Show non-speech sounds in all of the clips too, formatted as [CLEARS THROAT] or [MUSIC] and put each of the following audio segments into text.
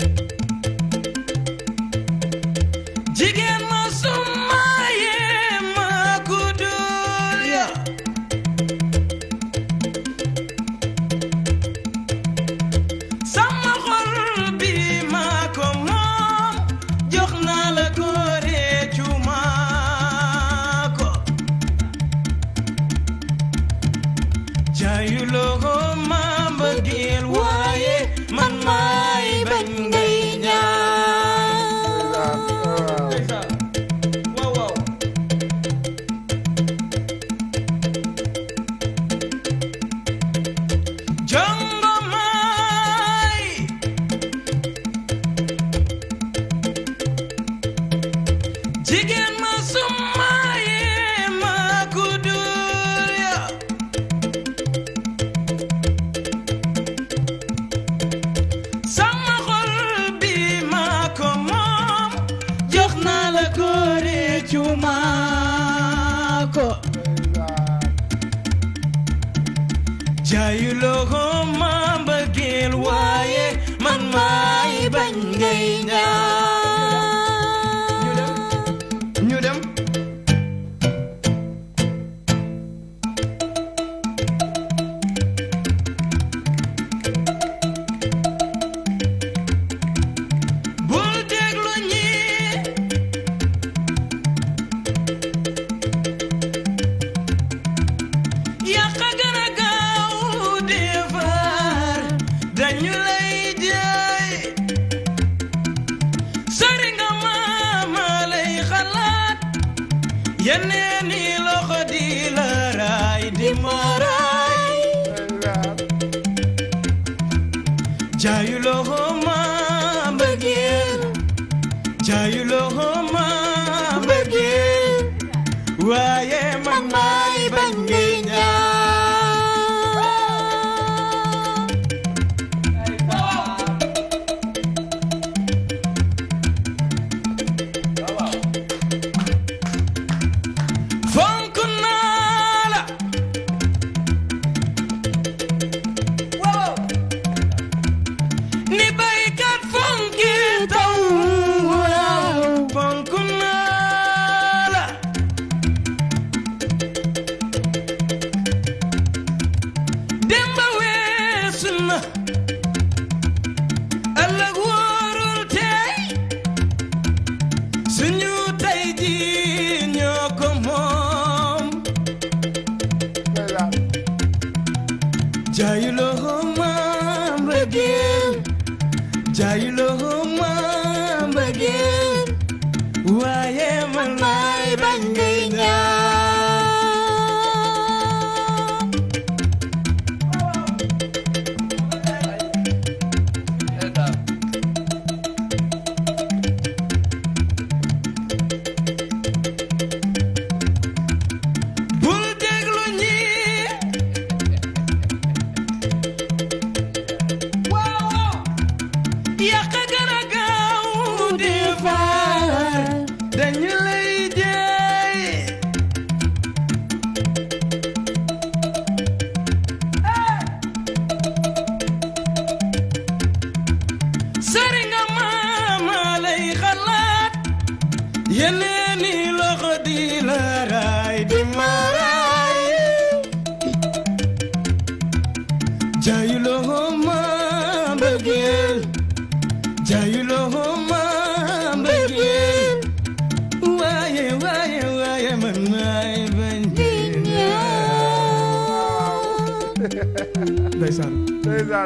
thank you man maay bañ na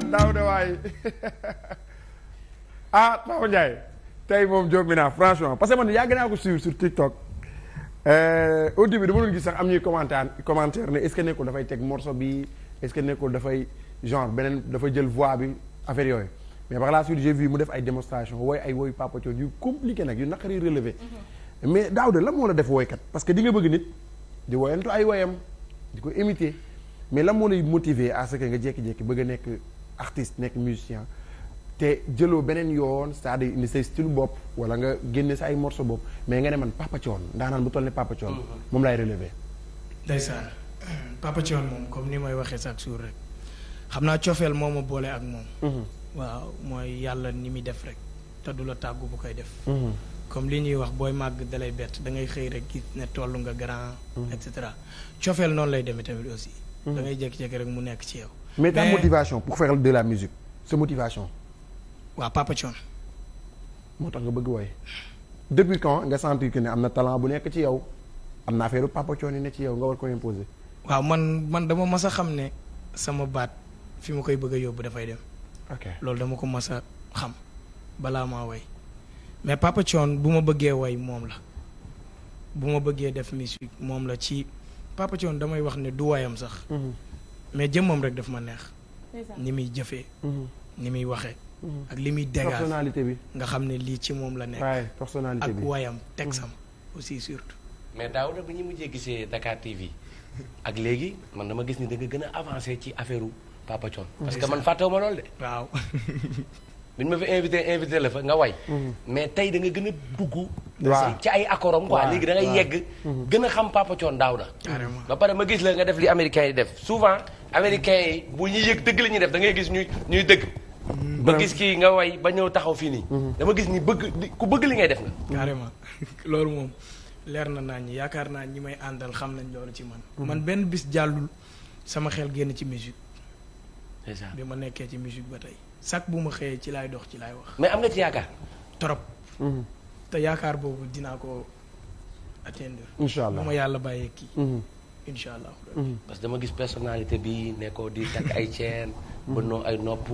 naan daaw de waay [LAUGHS] ah Papa Ndiaye tey moom jóg mi naa franchement parce que man yàgg naa ko suivre sur TikTok eh, au début dama doon gis sax am ñuy commentaire commentaire ne est-ce que nekkul dafay teg morceau bi est-ce que nekkul dafay genre beneen dafay jël voix bi affaire yooyu mais par la suite j'ai vu mu def ay démonstration wooy ay wooyu Papa Thione yu compliqué nag yu naqari relevé mm-hmm. mais daaw de la moo la def wooykat parce que di nga bëgg nit di woyantu ay woyam di la moo lay motiver à ce artiste nekk musicien te jëloo beneen yoon c'est-à-dire indi say style bopp wala nga génne sa ay morceau bopp mais nga ne man Papa Thione ndaanaan bu toll ne Papa Thione mhm. moom laay relever. ndeysaan [CLEARS THROAT] Papa Thione moom comme ni may waxee chaque jour rek xam naa cofeel moom ma boole ak moom. Mhm. waaw mooy yàlla ni muy def rek te du la tàggu bu koy def. Mhm. comme li ñuy wax booy màgg dalay bett da ngay xëy rek gis ne toll nga grand. et cetera cofeel noonu lay demee tamit aussi. da ngay jékki rek mu nekk ci yow. mais ta motivation pour faire de la musique sa motivation. waaw Papa moo tax nga bëgg woy depuis quand nga sentir ne am na talent bu nekk ci yow am naa affaire Papa Thion ne ci yow nga war ko imposer. waaw man man dama mas a xam ne sama baat fi ma koy bëgg a yóbbu dafay dem. ok loolu dama ko mas a xam balaa maa woy mais Papa bu ma bëggee woy moom la bu ma bëggee def musique moom la ci Papa damay wax ne du woyam sax. Mhm. mais jëmmam rek daf ma neex. ni muy jëfee. Mhm. ni muy waxee. Mhm. ak li muy dégage personnalité bi. nga xam ne lii ci moom la nekk. waaye personnalité bi ak wayam tegsam mhm. aussi surtout. mais Daouda bi ñu mujjee gisee Dakar TV ak léegi man dama gis ni da gën a avancé ci affaire Papa parce que man fàttewu ma lool de. [LAUGHS] ma fi invité invité la fa nga way. mais tey da nga gën a dugg. waaw ci ay accord am quoi léegi da ngay yegg. gën a xam Papa Thione Daouda. ba pare ma gis la nga def li américain yi def souvent. américain yi bu ñuy yëg dëgg lañuy def da ngay gis ñuy ñuy dëgg. ba gis kii nga way ba ñëw taxaw fii nii. Mhm. dama gis ni bëgg ku bëgg li ngay def nga. carrément [LAUGHS] loolu moom leer na naa ñi yaakaar naa ñi may àndal xam nañ loolu ci man. Mhm. man benn bis jàllul sama xel génn ci musique. bi ma nekkee ci musique ba tey sac bu ma xëyee ci laay dox ci laay wax. mais am nga ci yaakaar. trop. Mhm. te yaakaar boobu dinaa ko atteindre. incha bu ma yàlla bàyyee kii. incha allah. Mhm. parce que dama gis personnalité bi nekkoo di takk ay chaîne. Mhm. bënnoo ay nopp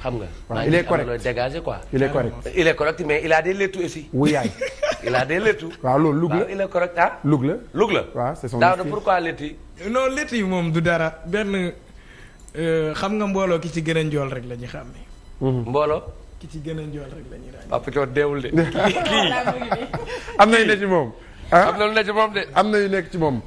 xam nga. waaw il est correct maa ngi dégagé quoi. correct il correct mais il de des lettres aussi. oui yaay. [LAUGHS] il a des lettres. waaw loolu lug ah. la il correct lug la lug la. waaw c'est son yi. moom du dara benn euh, xam nga mbooloo ki ci gën a njool rek la ñu xam mhm. mbooloo. ki ci gën a njool rek la ñuy ràññee. waaw peut deewul de. [LAUGHS] am nañ ne ci moom. Ah. am na lu nekk ci moom am na yu ci moom.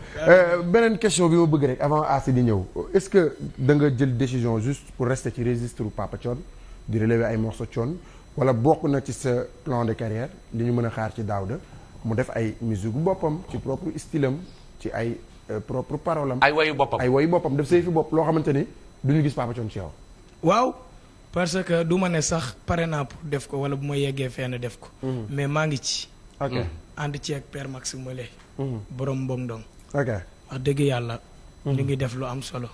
beneen question bi ma bëgg rek avant Asi di ñëw est-ce que da nga jël décision juste pour rester ci registre Papa Thione di relever ay morceaux Thione wala bokk na ci sa plan de carrière li ñu mën a xaar ci daaw Daouda mu def ay musique boppam ci propre style am ci ay euh, propre parole am. ay wayu boppam ay wayu boppam def say fi bopp loo xamante ni du ñu gis Papa Thione ci yow. waaw parce que du ma ne sax pare naa pour def ko wala bu ma yeggee fenn def ko. Mm-hmm. mais maa ngi ci. ok mm. ànd ci ak père Max Mele. Mm. borom Mbong Dong. ok wax dëgg yàlla. Mm. ñu ngi def lu am solo.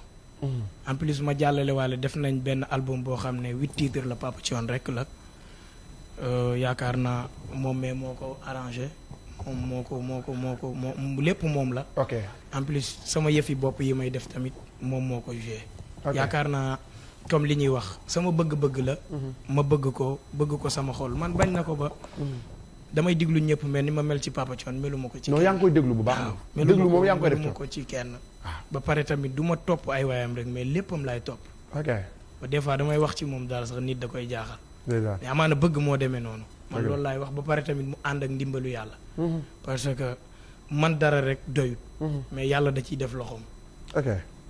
en plus ma jàllale waale def nañ benn album boo xam ne huit titres la Papa Thione rek la. Euh, yaakaar naa moom mais moo ko arrangé moom moo ko moo ko moo ko moo lépp moom la. ok en plus sama yëfi bopp yi may def tamit moom moo ko joué. yaakaar naa comme li ñuy wax sama bëgg-bëgg la. Mm-hmm. ma bëgg ko bëgg ko sama xol man bañ na ko ba. Mm-hmm. damay déglu ñëpp mais ni ma mel ci Papa Thione ko ci. non yaa ngi koy déglu bu baax. waaw déglu moom yaa ma ko ci kenn. Ah. ba pare tamit du topp ay waayam rek mais léppam laay topp. ok ba des wax ci moom daal sax nit da koy jaaxal. mais amaana bëgg moo demee noonu. man loolu laay wax ba pare tamit mu ànd ak ndimbalu yàlla. Mhm. parce que man dara rek doyut. Mhm. mais yàlla da ciy def loxoom. ok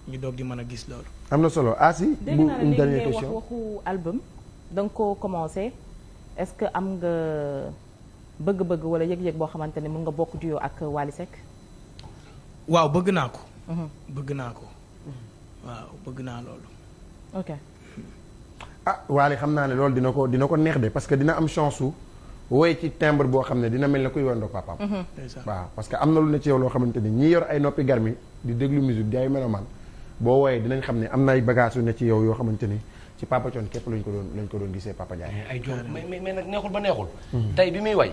ñu doog di man a gis loolu. am na solo Asi. bu une dernière question dégg da nga koo commencé est-ce que am nga. bëgg-bëgg wala yëg-yëg boo xamante ne mën nga bokk duyoo ak Wally Seck. waaw bëgg naa ko. Mhm. bëgg naa ko. Mhm. waaw bëgg naa loolu. ok. ah Wally xam naa ne loolu dina ko dina ko neex de parce que dina am chance su woy ci timbre boo xam ne dina mel ne kuy wandoo papaam. Mhm. waaw parce am na lu ne ci yow loo xamante ni ñi yor ay noppi garmi di déglu musique di ay melomaan boo wooyee dinañ xam ne am na ay bagages yu ne ci yow yoo xamante ni. ci Papa Thione képp lañ ko doon lañ ko doon gisee Papa Ndiaye. ay jox mais mais nag neexul ba neexul. tey bi muy way.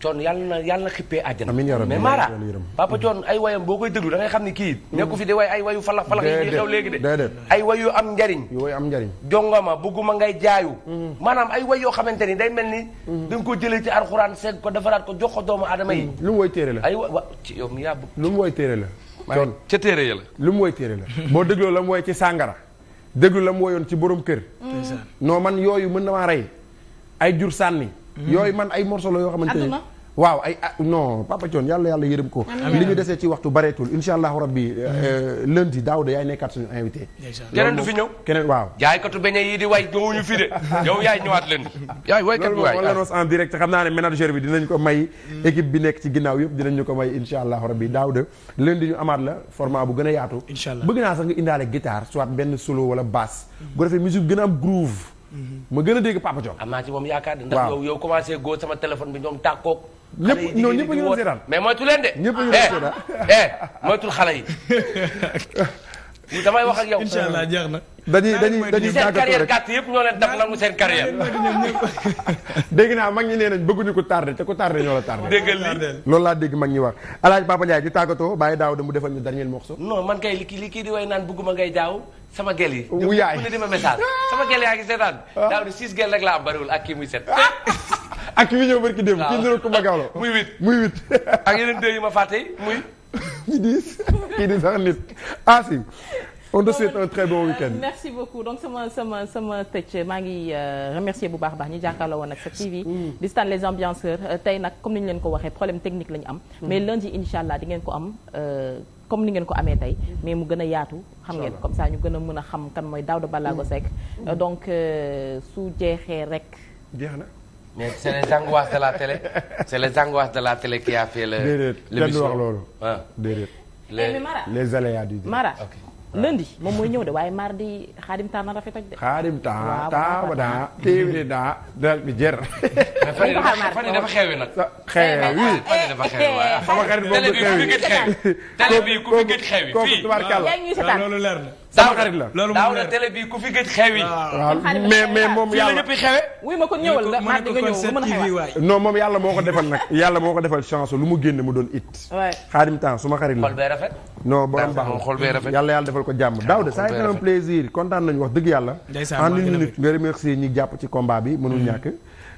Thione yàlla na yàlla na xippee àjjana. mais Mara Papa Thione ay wayam boo koy déglu da ngay xam ni kii. Mm-hmm. nekku fi di way ay wayu falax falax yi ñuy xew léegi de. ay wayu am njariñ. yu way am njariñ. jongoma bugguma ngay jaayu. Mm-hmm. maanaam ay way yoo xamante ni day mel ni. Mm-hmm. da nga ko jëlee ci alxuraan segg ko defaraat ko jox ko doomu aadama yi. lu mu woy téere la ay wa ci yow mi yaa bëgg. lu mu woy téere la. Thione ca téere ya la. lu mu woy [LAUGHS] téere la. boo dégloo la mu woy ci sàngara déglu la mu woyoon ci borom kër. noo man yooyu mën na maa rey ay jur sànni. Mm-hmm. yooyu man ay morceaux la yoo xamante ne waaw ay ah, non Papa Thione yàlla yàlla yërëm ko li ñu desee ci waxtu bareetul insha allahu rabbi euh, euh, lundi Daouda yaay nekkaat suñu invité keneen du fi ñëw keneen waaw jaaykatu beñe yi di way ñëwuñu fi de yow yaay ñëwaat lundi yaay waykat bi waay la noos en direct xam naa ne manager bi dinañ ko may mm. équipe bi nekk ci ginnaaw yëpp dinañ ñu ko may insha allahu rabbi Daouda lundi ñu amaat la format bu gën a yaatu bëgg naa sax nga indaale guitare soit benn solo wala bu mm. defee ma gën a dégg Papa Thione am naa ci moom yaakaar de ndax yow yow commencé góor sama téléphone bi ñoom tàkkoog ñëpp ñoo ñëpp ñu doon seetaan mais moytu leen de ñëpp ñu doon eh, seetaan eh, xale yi [LAUGHS] damay wax ak yow incha allah jeex na. dañuy dañuy dañuy tàggatoo rek seen yëpp ñoo leen dab nangu seen carrière. [LAUGHS] dégg naa mag nee nañ bëgguñu ko tardé te ko tardé ñoo la tardé. déggal lii laa dégg mag ñi wax El Hadj Papa Ndiaye ñu tàggatoo bàyyi daaw de mu defal ñu dernier morceau. non man kay li kii li kii di way naan bëgguma ngay jaaw. sama gel yi. wuyaay mu [LAUGHS] sama gel yaa ngi seetaan. Ah. daaw di six gel rek laa am bariwul ak kii muy set. Ah. [LAUGHS] ak ki muy ñëw barki démb. waaw kii niroo Kumba Gawlo muy huit muy huit. [LAUGHS] ak yeneen deux yu ma fàtte muy. ñu diis kii nit ah on te souhaite un très bon euh, week-end. merci beaucoup donc sama sama sama tëj maa ngi euh, remercier bu baax a baax ñi jàkkaarloo woon ak sa TV. di stan les ambianceurs euh, tey nag comme ni ñu leen ko waxee problème technique lañu am. Mmh. mais lundi incha allah di ngeen am. comme ni ngeen ko amee tey mais mu gën a yaatu xam ngeen comme ça ñu gën a mën a xam kan mooy Daouda Ballago mm. Seck mm. donc euh, su jeexee rek jeex na mais c'est les angoisses de la télé c'est les angoisses de la télé qui a fait le déedéet kenn du wax loolu ah. déedéet eh, les aléas du Mara lundi moom mooy ñëw de waaye mardi xaadim taa na rafet de. xaadim taa taa daa téeméeri daa daal bi jër. fan yi dafa xewi nag. xewi eh, eh, fan yi dafa xewi eh, waaw. xewi télé bi ku xewi. télé bi ku fi gëj xewi fii sama xarit la loolu daaw na télé bi ku fi gëj xewi. waaw mais mais moom yal fii la ñëpp xewe. wuy ma ko ñëwal la maa nga ñëw moom yàlla moo ko defal nag yàlla moo ko defal chance lu mu génne mu doon it. waay xaadim temps su ma xarit la. xol bee rafet. non borom baax yàlla yàlla defal ko jàmm daaw de ça a été un plaisir kontaan nañu wax dëgg yàlla. en une minute nga remercier ñi jàpp ci kombaa bi mënul mm. ñàkk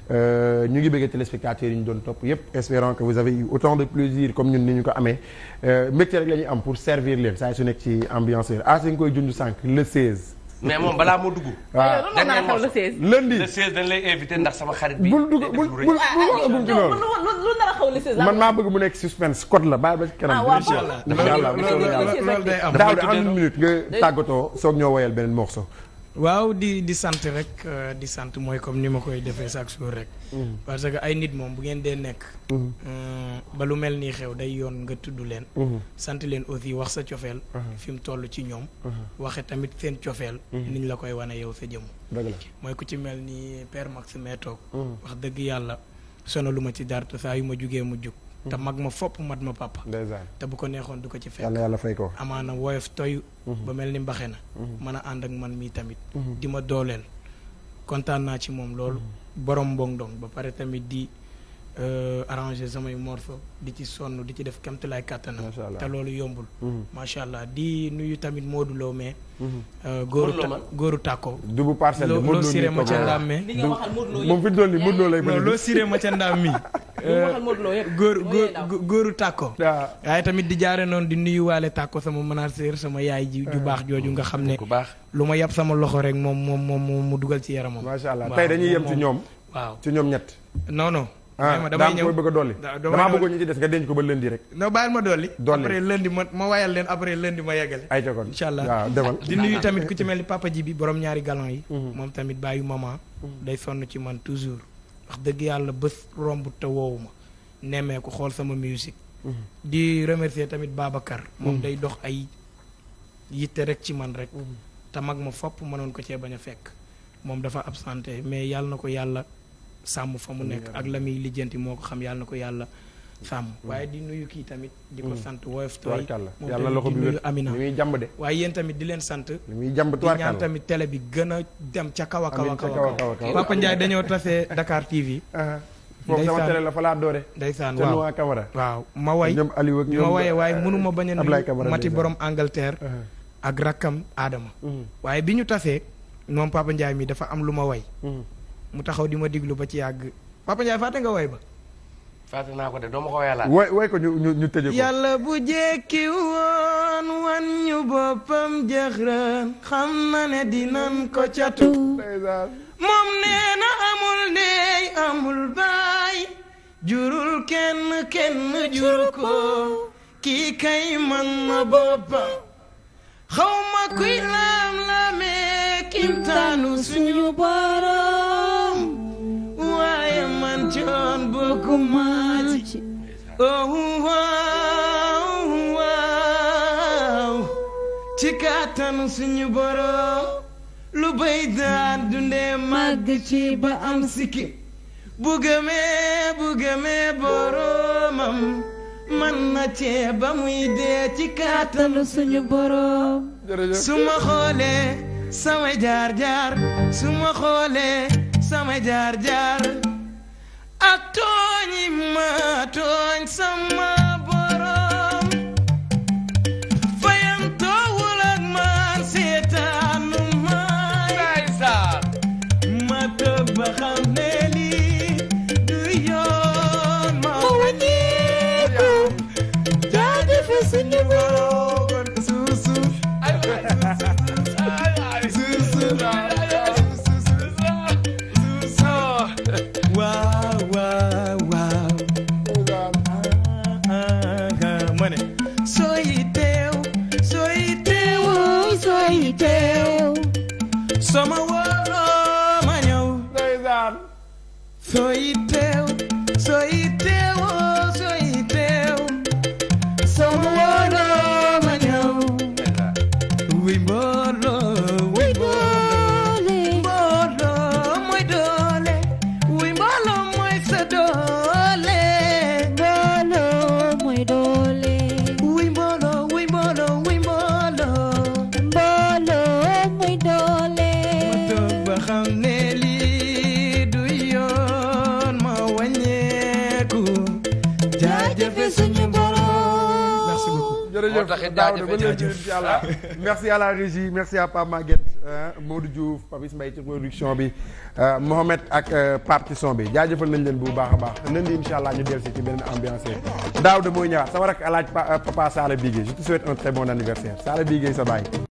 Euh, ñu ngi bëggee téléspectateurs yi ñu doon topp yépp espérant que vous avez eu autant de plaisir comme ñun ni ñu ko amee euh, mbégte rek la am pour servir leen saa su nekk ci ambianceur ah si nga koy junj sànq le 16. mais moom balaa moo dugg. Ah. waaw waaw le invité ndax sama xarit bi. loolu. lu nar a xaw le man ah. maa bëgg mu nekk suspense code la baal ba ci kanam. Ah, incha allah incha la loolu day am. daaw de en minute nga tàggatoo soog ñoo woyal beneen morceau waaw di di sant rek euh, di sant mooy comme ni ma koy defee chaque jour rek. Mm-hmm. parce que ay nit moom bu ngeen dee nekk. Mm-hmm. Euh, ba lu mel nii xew day yoon nga tudd leen. Mm-hmm. sant leen aussi wax sa cofeel. Uh-huh. fi mu toll ci ñoom. Uh-huh. waxe tamit seen cofeel. niñ la koy wane yow sa jëmm. mooy ku ci mel ni Père Maxime toog. wax dëgg yàlla sonaluma ci dara saa yu ma jugee mu jug. te mhm. mag ma fopp mat ma papa. te bu ko neexoon du ko ci fekk. yàlla yàlla fay ko. amaana woyof toy. Mhm. ba mel ni mbaxe na. Mhm. mën a ànd ak man mii tamit. di ma dooleel kontaan naa ci moom loolu. borom mbongdong ba pare tamit di euh, arranger samay morceaux di ci sonn di ci def kemtalaay kàttanam. te loolu yombul. macha allah di nuyu tamit Modou Lo mais. Euh, góoru ta góoru tàkko. dubu parcelle bi Modou Lo siree ma ca ndaam mais. moom fi mu nii Modou Lo lay. loo siree ma ca ndaam mi. [LAUGHS] góor góor góoru tàkko waaye tamit di jaare noonu di nuyuwaale tàkko sama manager sama yaay ji ju ah. baax jooju nga xam ne lu ma yàpp sama loxo rek moom moom moom mu dugal ci yaramam macha allah tey dañuy yem ci ñoom waaw ci ñoom ñett non non ah, damay bëgg a dolli damaa bëggoon ñu ci des nga denc ko ba lundi rek non bàyyil ma dolli dolli après lundi ma ma wayal leen après lundi ma yeggale ay ca kon incha allah waaw di nuyu tamit ku ci mel ni papa ji bi borom ñaari galon yi mm-hmm. moom tamit bàyyu maman mm-hmm. day sonn ci man toujours wax dëgg yàlla bës romb te woowu ma nemmee xool sama musique mhm. di remercier tamit Babacar moom mhm. day dox ay yitte rek ci man rek mhm. te mag ma fopp mënoon ko cee bañ a fekk moom dafa absenté mais yàlla na ko yàlla sàmm fa mu nekk ak la muy lijjanti moo ko xam yàlla na ko yàlla sàmm waaye di nuyu kii tamit di ko hmm. sant woyof tooy moom tamit di nuyu Amina waaye yéen tamit di leen sant di ñaan tamit télé bi gën a dem ca kaw a kaw a kaw Papa Ndiaye dañoo tase Dakar TV la fa laa doore ndeysaan waaw waa Camara waaw ma way ma waye waaye mënuma bañ a nuyu mati borom Angleterre ak rakkam Adama hmm. waaye bi ñu tasee moom Papa mi dafa am lu ma way hmm. mu taxaw di ma diglu ba ci yàgg Papa Ndiaye fàtte nga way ba fàtte naa ko de doo ma ko weelaat. way way ko ñu ñu ñu bu jekki wan ñu boppam jëxraan xam na ne dinañ ko catu. moom nee amul ndey amul baay. jurul kenn kenn jur ko. kii kay man na boppam. xaw ma kuy laam laamee. kimtaanu suñu borom. coon bokkuma ci oh waaw oh, waaw oh, oh. ci kàttanu suñu boroom lu bay dundee màgg ci ba am sikki bu gëmee bu gëmee boroomam man na cee ba muy dee ci kàttanu suñu boroom su ma xoolee jaar jaar suma ma xoolee sama jaar jaar ak tooñi ma tooñ sama jërëjëf Daouda ba léegi incha allah merci à la régie merci à Pape Maguette Modou Diouf Papis Mbaye ci production bi euh, Mohamed ak euh, Pape ci son bi jaajëfal nañ leen bu baax a baax nañ di incha allah ñu dellusi ci beneen ambiance Daouda mooy ñëwaat sama rak alaaj Papa Sala Bigué je te souhaite un très bon anniversaire Sala Bigué sa baay